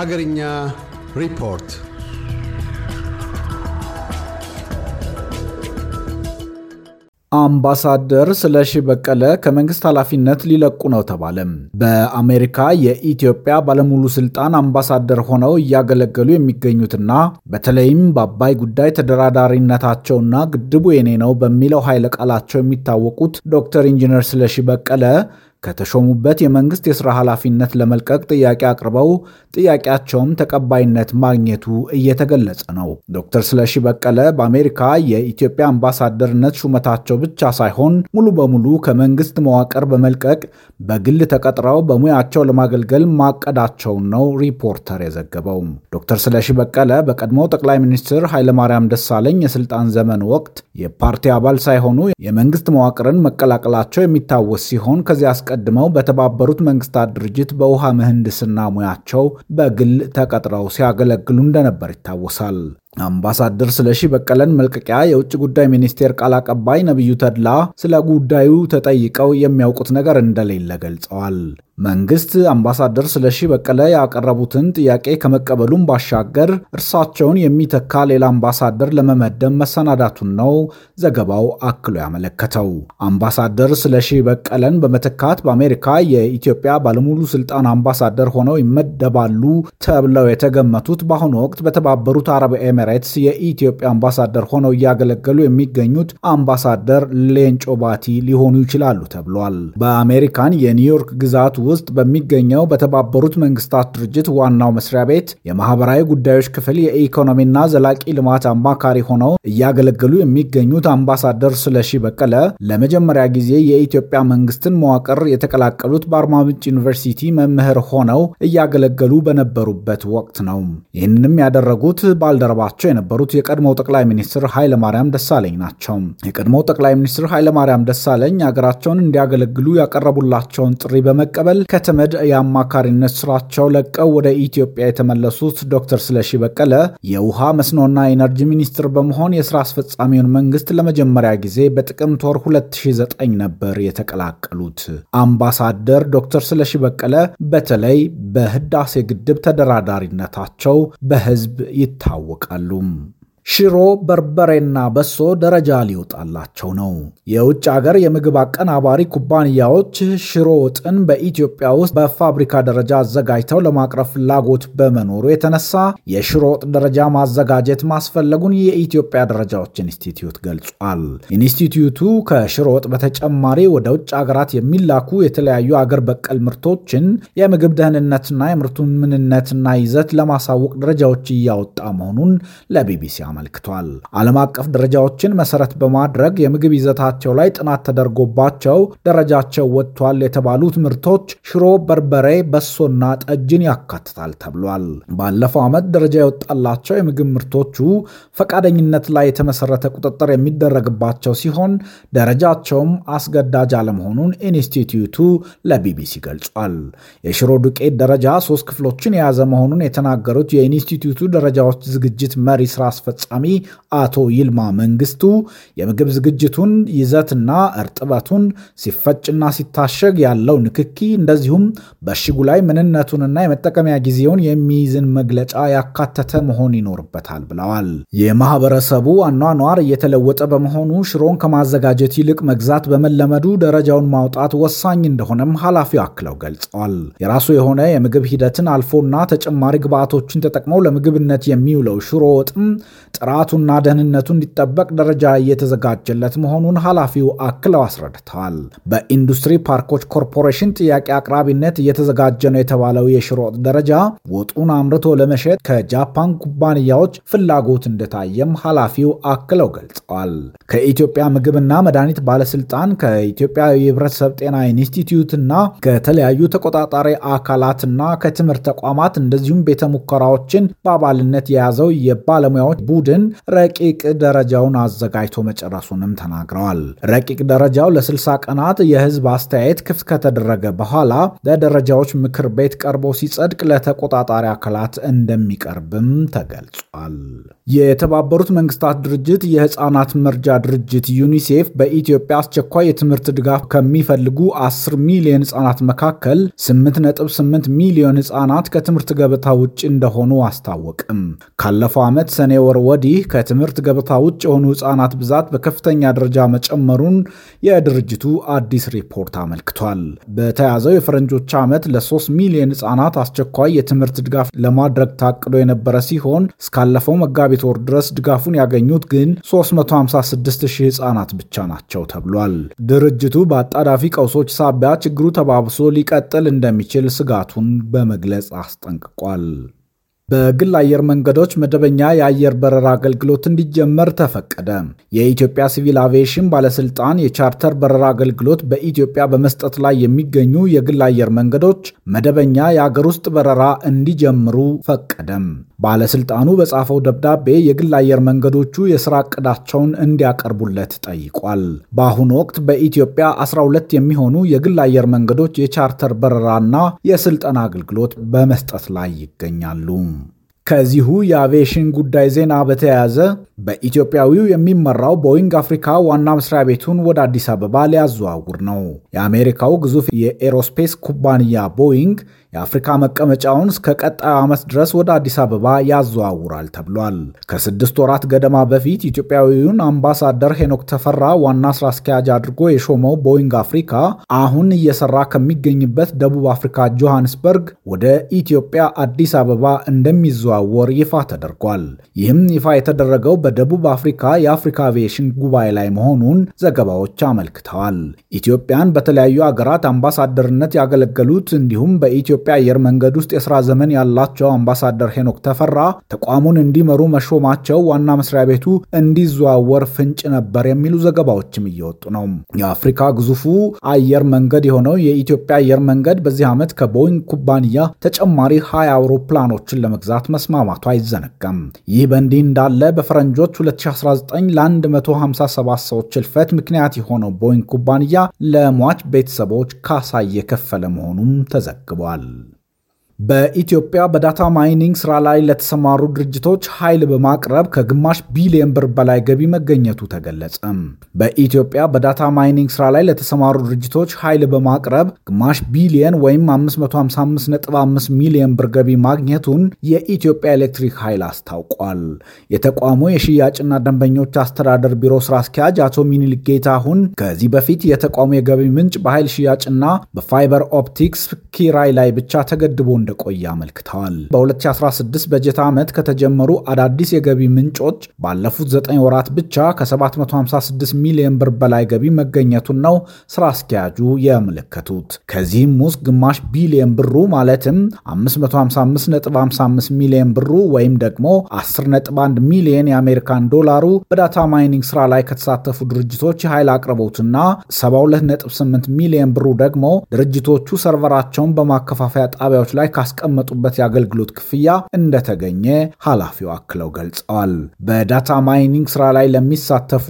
ሀገርኛ ሪፖርት አምባሳደር ስለሺ በቀለ ከመንግስት ኃላፊነት ሊለቁ ነው ተባለ። በአሜሪካ የኢትዮጵያ ባለሙሉ ስልጣን አምባሳደር ሆነው እያገለገሉ የሚገኙትና በተለይም በአባይ ጉዳይ ተደራዳሪነታቸውና ግድቡ የኔ ነው በሚለው ኃይለ ቃላቸው የሚታወቁት ዶክተር ኢንጂነር ስለሺ በቀለ ከተሾሙበት የመንግስት የሥራ ኃላፊነት ለመልቀቅ ጥያቄ አቅርበው ጥያቄያቸውም ተቀባይነት ማግኘቱ እየተገለጸ ነው። ዶክተር ስለሺ በቀለ በአሜሪካ የኢትዮጵያ አምባሳደርነት ሹመታቸው ብቻ ሳይሆን ሙሉ በሙሉ ከመንግስት መዋቅር በመልቀቅ በግል ተቀጥረው በሙያቸው ለማገልገል ማቀዳቸውን ነው ሪፖርተር የዘገበው። ዶክተር ስለሺ በቀለ በቀድሞ ጠቅላይ ሚኒስትር ኃይለማርያም ደሳለኝ የስልጣን ዘመን ወቅት የፓርቲ አባል ሳይሆኑ የመንግስት መዋቅርን መቀላቀላቸው የሚታወስ ሲሆን ከዚያ አስቀድመው በተባበሩት መንግስታት ድርጅት በውሃ ምህንድስና ሙያቸው በግል ተቀጥረው ሲያገለግሉ እንደነበር ይታወሳል። አምባሳደር ስለሺ በቀለን መልቀቂያ የውጭ ጉዳይ ሚኒስቴር ቃል አቀባይ ነቢዩ ተድላ ስለ ጉዳዩ ተጠይቀው የሚያውቁት ነገር እንደሌለ ገልጸዋል። መንግስት አምባሳደር ስለሺ በቀለ ያቀረቡትን ጥያቄ ከመቀበሉም ባሻገር እርሳቸውን የሚተካ ሌላ አምባሳደር ለመመደብ መሰናዳቱን ነው ዘገባው አክሎ ያመለከተው። አምባሳደር ስለሺ በቀለን በመተካት በአሜሪካ የኢትዮጵያ ባለሙሉ ስልጣን አምባሳደር ሆነው ይመደባሉ ተብለው የተገመቱት በአሁኑ ወቅት በተባበሩት አረብ ኤሜሬትስ የኢትዮጵያ አምባሳደር ሆነው እያገለገሉ የሚገኙት አምባሳደር ሌንጮ ባቲ ሊሆኑ ይችላሉ ተብሏል። በአሜሪካን የኒውዮርክ ግዛት ውስጥ በሚገኘው በተባበሩት መንግስታት ድርጅት ዋናው መስሪያ ቤት የማህበራዊ ጉዳዮች ክፍል የኢኮኖሚና ዘላቂ ልማት አማካሪ ሆነው እያገለገሉ የሚገኙት አምባሳደር ስለሺ በቀለ ለመጀመሪያ ጊዜ የኢትዮጵያ መንግስትን መዋቅር የተቀላቀሉት በአርባ ምንጭ ዩኒቨርሲቲ መምህር ሆነው እያገለገሉ በነበሩበት ወቅት ነው። ይህንንም ያደረጉት ባልደረባ ሲመራቸው የነበሩት የቀድሞው ጠቅላይ ሚኒስትር ኃይለማርያም ደሳለኝ ናቸው። የቀድሞው ጠቅላይ ሚኒስትር ኃይለማርያም ደሳለኝ ሀገራቸውን እንዲያገለግሉ ያቀረቡላቸውን ጥሪ በመቀበል ከተመድ የአማካሪነት ስራቸው ለቀው ወደ ኢትዮጵያ የተመለሱት ዶክተር ስለሺ በቀለ የውሃ መስኖና ኢነርጂ ሚኒስትር በመሆን የስራ አስፈጻሚውን መንግስት ለመጀመሪያ ጊዜ በጥቅምት ወር 2009 ነበር የተቀላቀሉት። አምባሳደር ዶክተር ስለሺ በቀለ በተለይ በህዳሴ ግድብ ተደራዳሪነታቸው በህዝብ ይታወቃል። ลุ่ม ሽሮ በርበሬና በሶ ደረጃ ሊወጣላቸው ነው። የውጭ አገር የምግብ አቀናባሪ ኩባንያዎች ሽሮ ወጥን በኢትዮጵያ ውስጥ በፋብሪካ ደረጃ አዘጋጅተው ለማቅረብ ፍላጎት በመኖሩ የተነሳ የሽሮ ወጥ ደረጃ ማዘጋጀት ማስፈለጉን የኢትዮጵያ ደረጃዎች ኢንስቲትዩት ገልጿል። ኢንስቲትዩቱ ከሽሮ ወጥ በተጨማሪ ወደ ውጭ አገራት የሚላኩ የተለያዩ አገር በቀል ምርቶችን የምግብ ደህንነትና የምርቱን ምንነትና ይዘት ለማሳወቅ ደረጃዎች እያወጣ መሆኑን ለቢቢሲ አመ አመልክቷል። ዓለም አቀፍ ደረጃዎችን መሰረት በማድረግ የምግብ ይዘታቸው ላይ ጥናት ተደርጎባቸው ደረጃቸው ወጥቷል የተባሉት ምርቶች ሽሮ፣ በርበሬ፣ በሶና ጠጅን ያካትታል ተብሏል። ባለፈው ዓመት ደረጃ የወጣላቸው የምግብ ምርቶቹ ፈቃደኝነት ላይ የተመሰረተ ቁጥጥር የሚደረግባቸው ሲሆን ደረጃቸውም አስገዳጅ አለመሆኑን ኢንስቲትዩቱ ለቢቢሲ ገልጿል። የሽሮ ዱቄት ደረጃ ሶስት ክፍሎችን የያዘ መሆኑን የተናገሩት የኢንስቲትዩቱ ደረጃዎች ዝግጅት መሪ ስራ አስፈጻሚ አስፈጻሚ አቶ ይልማ መንግስቱ የምግብ ዝግጅቱን ይዘትና እርጥበቱን ሲፈጭና ሲታሸግ ያለው ንክኪ እንደዚሁም በእሽጉ ላይ ምንነቱንና የመጠቀሚያ ጊዜውን የሚይዝን መግለጫ ያካተተ መሆን ይኖርበታል ብለዋል። የማህበረሰቡ አኗኗር እየተለወጠ በመሆኑ ሽሮን ከማዘጋጀት ይልቅ መግዛት በመለመዱ ደረጃውን ማውጣት ወሳኝ እንደሆነም ኃላፊው አክለው ገልጸዋል። የራሱ የሆነ የምግብ ሂደትን አልፎና ተጨማሪ ግብዓቶችን ተጠቅመው ለምግብነት የሚውለው ሽሮ ወጥም ጥራቱና ደህንነቱ እንዲጠበቅ ደረጃ እየተዘጋጀለት መሆኑን ኃላፊው አክለው አስረድተዋል። በኢንዱስትሪ ፓርኮች ኮርፖሬሽን ጥያቄ አቅራቢነት እየተዘጋጀ ነው የተባለው የሽሮ ወጥ ደረጃ ወጡን አምርቶ ለመሸጥ ከጃፓን ኩባንያዎች ፍላጎት እንደታየም ኃላፊው አክለው ገልጸዋል። ከኢትዮጵያ ምግብና መድኃኒት ባለስልጣን ከኢትዮጵያ የህብረተሰብ ጤና ኢንስቲትዩትና ከተለያዩ ተቆጣጣሪ አካላትና ከትምህርት ተቋማት እንደዚሁም ቤተ ሙከራዎችን በአባልነት የያዘው የባለሙያዎች ቡድን ረቂቅ ደረጃውን አዘጋጅቶ መጨረሱንም ተናግረዋል። ረቂቅ ደረጃው ለ60 ቀናት የህዝብ አስተያየት ክፍት ከተደረገ በኋላ ለደረጃዎች ምክር ቤት ቀርቦ ሲጸድቅ ለተቆጣጣሪ አካላት እንደሚቀርብም ተገልጿል። የተባበሩት መንግስታት ድርጅት የህፃናት መርጃ ድርጅት ዩኒሴፍ በኢትዮጵያ አስቸኳይ የትምህርት ድጋፍ ከሚፈልጉ 10 ሚሊዮን ህጻናት መካከል 8.8 ሚሊዮን ህጻናት ከትምህርት ገበታ ውጭ እንደሆኑ አስታወቅም። ካለፈው ዓመት ሰኔ ወር ወዲህ ከትምህርት ገበታ ውጭ የሆኑ ህጻናት ብዛት በከፍተኛ ደረጃ መጨመሩን የድርጅቱ አዲስ ሪፖርት አመልክቷል። በተያዘው የፈረንጆች ዓመት ለ3 ሚሊዮን ህጻናት አስቸኳይ የትምህርት ድጋፍ ለማድረግ ታቅዶ የነበረ ሲሆን እስካለፈው መጋቢት ወር ድረስ ድጋፉን ያገኙት ግን 356 ሺህ ብቻ ናቸው ተብሏል። ድርጅቱ በአጣዳፊ ቀውሶች ሳቢያ ችግሩ ተባብሶ ሊቀጥል እንደሚችል ስጋቱን በመግለጽ አስጠንቅቋል። በግል አየር መንገዶች መደበኛ የአየር በረራ አገልግሎት እንዲጀመር ተፈቀደ። የኢትዮጵያ ሲቪል አቪዬሽን ባለስልጣን የቻርተር በረራ አገልግሎት በኢትዮጵያ በመስጠት ላይ የሚገኙ የግል አየር መንገዶች መደበኛ የአገር ውስጥ በረራ እንዲጀምሩ ፈቀደም። ባለስልጣኑ በጻፈው ደብዳቤ የግል አየር መንገዶቹ የስራ እቅዳቸውን እንዲያቀርቡለት ጠይቋል። በአሁኑ ወቅት በኢትዮጵያ 12 የሚሆኑ የግል አየር መንገዶች የቻርተር በረራና የስልጠና አገልግሎት በመስጠት ላይ ይገኛሉ። ከዚሁ የአቪዬሽን ጉዳይ ዜና በተያያዘ በኢትዮጵያዊው የሚመራው ቦይንግ አፍሪካ ዋና መስሪያ ቤቱን ወደ አዲስ አበባ ሊያዘዋውር ነው። የአሜሪካው ግዙፍ የኤሮስፔስ ኩባንያ ቦይንግ የአፍሪካ መቀመጫውን እስከ ቀጣዩ ዓመት ድረስ ወደ አዲስ አበባ ያዘዋውራል ተብሏል። ከስድስት ወራት ገደማ በፊት ኢትዮጵያዊውን አምባሳደር ሄኖክ ተፈራ ዋና ስራ አስኪያጅ አድርጎ የሾመው ቦይንግ አፍሪካ አሁን እየሰራ ከሚገኝበት ደቡብ አፍሪካ ጆሃንስበርግ ወደ ኢትዮጵያ አዲስ አበባ እንደሚዘዋ እንዲዘዋወር ይፋ ተደርጓል። ይህም ይፋ የተደረገው በደቡብ አፍሪካ የአፍሪካ አቪዬሽን ጉባኤ ላይ መሆኑን ዘገባዎች አመልክተዋል። ኢትዮጵያን በተለያዩ አገራት አምባሳደርነት ያገለገሉት እንዲሁም በኢትዮጵያ አየር መንገድ ውስጥ የስራ ዘመን ያላቸው አምባሳደር ሄኖክ ተፈራ ተቋሙን እንዲመሩ መሾማቸው ዋና መስሪያ ቤቱ እንዲዘዋወር ፍንጭ ነበር የሚሉ ዘገባዎችም እየወጡ ነው። የአፍሪካ ግዙፉ አየር መንገድ የሆነው የኢትዮጵያ አየር መንገድ በዚህ ዓመት ከቦይንግ ኩባንያ ተጨማሪ ሀያ አውሮፕላኖችን ለመግዛት መስመ መስማማቱ አይዘነጋም። ይህ በእንዲህ እንዳለ በፈረንጆች 2019 ለ157 ሰዎች እልፈት ምክንያት የሆነው ቦይንግ ኩባንያ ለሟች ቤተሰቦች ካሳ እየከፈለ መሆኑም ተዘግቧል። በኢትዮጵያ በዳታ ማይኒንግ ስራ ላይ ለተሰማሩ ድርጅቶች ኃይል በማቅረብ ከግማሽ ቢሊዮን ብር በላይ ገቢ መገኘቱ ተገለጸ። በኢትዮጵያ በዳታ ማይኒንግ ስራ ላይ ለተሰማሩ ድርጅቶች ኃይል በማቅረብ ግማሽ ቢሊዮን ወይም 555.5 ሚሊዮን ብር ገቢ ማግኘቱን የኢትዮጵያ ኤሌክትሪክ ኃይል አስታውቋል። የተቋሙ የሽያጭና ደንበኞች አስተዳደር ቢሮ ስራ አስኪያጅ አቶ ሚኒልክ ጌታሁን ከዚህ በፊት የተቋሙ የገቢ ምንጭ በኃይል ሽያጭና በፋይበር ኦፕቲክስ ኪራይ ላይ ብቻ ተገድቦ እንደቆየ አመልክተዋል። በ2016 በጀት ዓመት ከተጀመሩ አዳዲስ የገቢ ምንጮች ባለፉት 9 ወራት ብቻ ከ756 ሚሊዮን ብር በላይ ገቢ መገኘቱን ነው ስራ አስኪያጁ የመለከቱት። ከዚህም ውስጥ ግማሽ ቢሊዮን ብሩ ማለትም 555.55 ሚሊዮን ብሩ ወይም ደግሞ 10.1 ሚሊዮን የአሜሪካን ዶላሩ በዳታ ማይኒንግ ስራ ላይ ከተሳተፉ ድርጅቶች የኃይል አቅርቦትና 72.8 ሚሊዮን ብሩ ደግሞ ድርጅቶቹ ሰርቨራቸውን በማከፋፈያ ጣቢያዎች ላይ ካስቀመጡበት የአገልግሎት ክፍያ እንደተገኘ ኃላፊው አክለው ገልጸዋል። በዳታ ማይኒንግ ስራ ላይ ለሚሳተፉ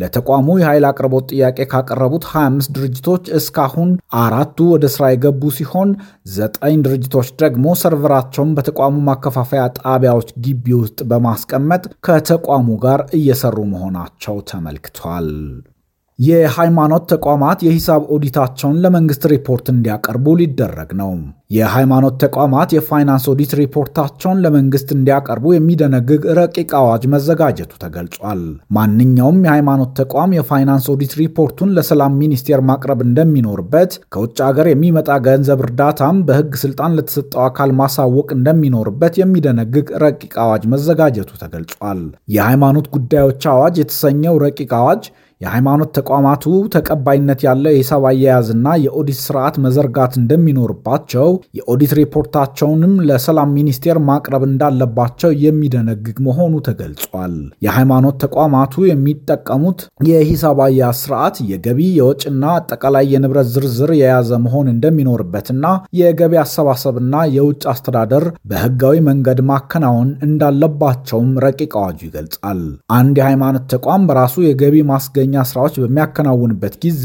ለተቋሙ የኃይል አቅርቦት ጥያቄ ካቀረቡት 25 ድርጅቶች እስካሁን አራቱ ወደ ስራ የገቡ ሲሆን ዘጠኝ ድርጅቶች ደግሞ ሰርቨራቸውን በተቋሙ ማከፋፈያ ጣቢያዎች ግቢ ውስጥ በማስቀመጥ ከተቋሙ ጋር እየሰሩ መሆናቸው ተመልክቷል። የሃይማኖት ተቋማት የሂሳብ ኦዲታቸውን ለመንግስት ሪፖርት እንዲያቀርቡ ሊደረግ ነው። የሃይማኖት ተቋማት የፋይናንስ ኦዲት ሪፖርታቸውን ለመንግስት እንዲያቀርቡ የሚደነግግ ረቂቅ አዋጅ መዘጋጀቱ ተገልጿል። ማንኛውም የሃይማኖት ተቋም የፋይናንስ ኦዲት ሪፖርቱን ለሰላም ሚኒስቴር ማቅረብ እንደሚኖርበት፣ ከውጭ ሀገር የሚመጣ ገንዘብ እርዳታም በህግ ስልጣን ለተሰጠው አካል ማሳወቅ እንደሚኖርበት የሚደነግግ ረቂቅ አዋጅ መዘጋጀቱ ተገልጿል። የሃይማኖት ጉዳዮች አዋጅ የተሰኘው ረቂቅ አዋጅ የሃይማኖት ተቋማቱ ተቀባይነት ያለው የሂሳብ አያያዝና የኦዲት ስርዓት መዘርጋት እንደሚኖርባቸው የኦዲት ሪፖርታቸውንም ለሰላም ሚኒስቴር ማቅረብ እንዳለባቸው የሚደነግግ መሆኑ ተገልጿል። የሃይማኖት ተቋማቱ የሚጠቀሙት የሂሳብ አያያዝ ስርዓት የገቢ የወጭና አጠቃላይ የንብረት ዝርዝር የያዘ መሆን እንደሚኖርበትና የገቢ አሰባሰብና የውጭ አስተዳደር በህጋዊ መንገድ ማከናወን እንዳለባቸውም ረቂቅ አዋጁ ይገልጻል። አንድ የሃይማኖት ተቋም በራሱ የገቢ ማስገ መደበኛ ስራዎች በሚያከናውንበት ጊዜ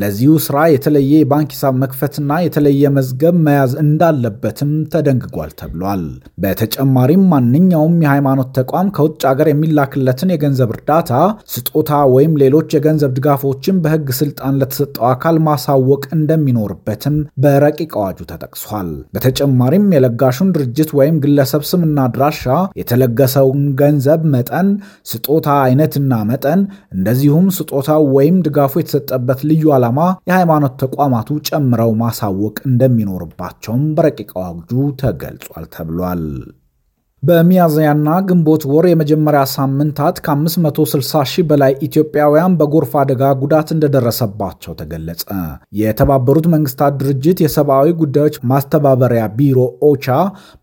ለዚሁ ስራ የተለየ የባንክ ሂሳብ መክፈትና የተለየ መዝገብ መያዝ እንዳለበትም ተደንግጓል ተብሏል። በተጨማሪም ማንኛውም የሃይማኖት ተቋም ከውጭ ሀገር የሚላክለትን የገንዘብ እርዳታ፣ ስጦታ ወይም ሌሎች የገንዘብ ድጋፎችን በህግ ስልጣን ለተሰጠው አካል ማሳወቅ እንደሚኖርበትም በረቂቅ አዋጁ ተጠቅሷል። በተጨማሪም የለጋሹን ድርጅት ወይም ግለሰብ ስምና አድራሻ፣ የተለገሰውን ገንዘብ መጠን፣ ስጦታ አይነትና መጠን እንደዚሁም ወይም ስጦታው ወይም ድጋፉ የተሰጠበት ልዩ ዓላማ የሃይማኖት ተቋማቱ ጨምረው ማሳወቅ እንደሚኖርባቸውም በረቂቅ አዋጁ ተገልጿል ተብሏል። በሚያዝያና ግንቦት ወር የመጀመሪያ ሳምንታት ከ560 ሺህ በላይ ኢትዮጵያውያን በጎርፍ አደጋ ጉዳት እንደደረሰባቸው ተገለጸ። የተባበሩት መንግስታት ድርጅት የሰብአዊ ጉዳዮች ማስተባበሪያ ቢሮ ኦቻ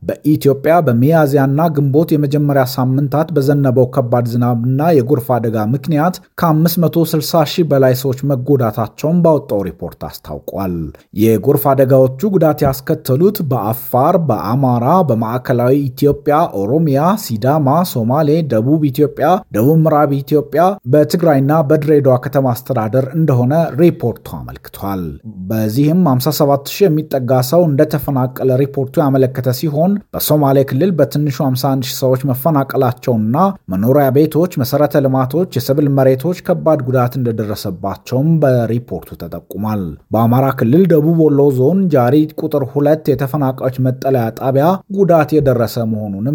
በኢትዮጵያ በሚያዝያና ግንቦት የመጀመሪያ ሳምንታት በዘነበው ከባድ ዝናብና የጎርፍ አደጋ ምክንያት ከ560 ሺህ በላይ ሰዎች መጎዳታቸውን ባወጣው ሪፖርት አስታውቋል። የጎርፍ አደጋዎቹ ጉዳት ያስከተሉት በአፋር፣ በአማራ፣ በማዕከላዊ ኢትዮጵያ ኦሮሚያ፣ ሲዳማ፣ ሶማሌ፣ ደቡብ ኢትዮጵያ፣ ደቡብ ምዕራብ ኢትዮጵያ፣ በትግራይና በድሬዳዋ ከተማ አስተዳደር እንደሆነ ሪፖርቱ አመልክቷል። በዚህም 570 የሚጠጋ ሰው እንደተፈናቀለ ሪፖርቱ ያመለከተ ሲሆን በሶማሌ ክልል በትንሹ 51 ሰዎች መፈናቀላቸውና መኖሪያ ቤቶች፣ መሰረተ ልማቶች፣ የሰብል መሬቶች ከባድ ጉዳት እንደደረሰባቸውም በሪፖርቱ ተጠቁሟል። በአማራ ክልል ደቡብ ወሎ ዞን ጃሪ ቁጥር ሁለት የተፈናቃዮች መጠለያ ጣቢያ ጉዳት የደረሰ መሆኑንም